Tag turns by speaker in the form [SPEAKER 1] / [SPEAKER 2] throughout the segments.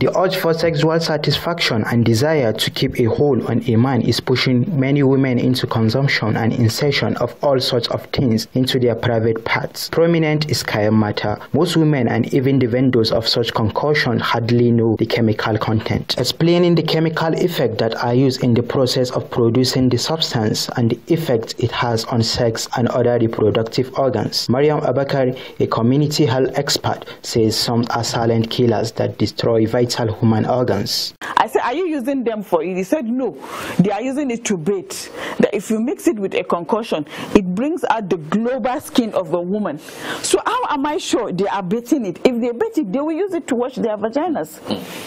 [SPEAKER 1] The urge for sexual satisfaction and desire to keep a hold on a man is pushing many women into consumption and insertion of all sorts of things into their private parts. Prominent is Kaya Mata. Most women and even the vendors of such concoctions hardly know the chemical content. Explaining the chemical effect that are used in the process of producing the substance and the effect it has on sex and other reproductive organs. Mariam Abakar, a community health expert, says some are silent killers that destroy vital vital human organs.
[SPEAKER 2] I said, Are you using them for it? He said, No, they are using it to bathe. That if you mix it with a concussion, it brings out the global skin of a woman. So, how am I sure they are bathing it? If they bathe it, they will use it to wash their vaginas,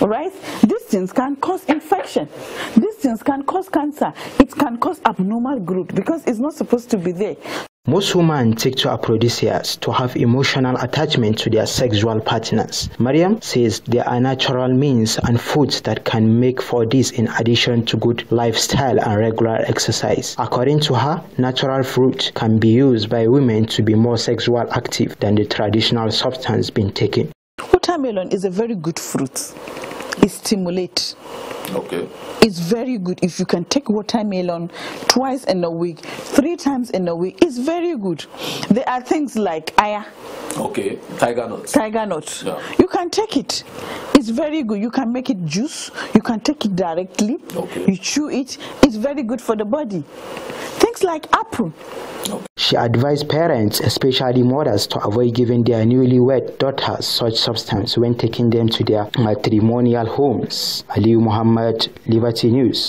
[SPEAKER 2] right? These things can cause infection. These things can cause cancer. It can cause abnormal growth because it's not supposed to be there.
[SPEAKER 1] Most women take to aphrodisiacs to have emotional attachment to their sexual partners. Mariam says there are natural means and foods that can make for this in addition to good lifestyle and regular exercise. According to her, natural fruit can be used by women to be more sexual active than the traditional substance being taken. Watermelon is a very good
[SPEAKER 2] fruit. It stimulates Okay. It's very good if you can take watermelon twice in a week, three times in a week. It's very good. There are things like ayah. Okay, tiger nuts. Tiger nuts. Yeah. You can take it. It's very good. You can make it juice. You can take it directly. Okay. You chew it. It's very good for the body things like Apple.
[SPEAKER 1] She advised parents, especially mothers, to avoid giving their newlywed daughters such substance when taking them to their matrimonial homes. Ali Muhammad, Liberty News.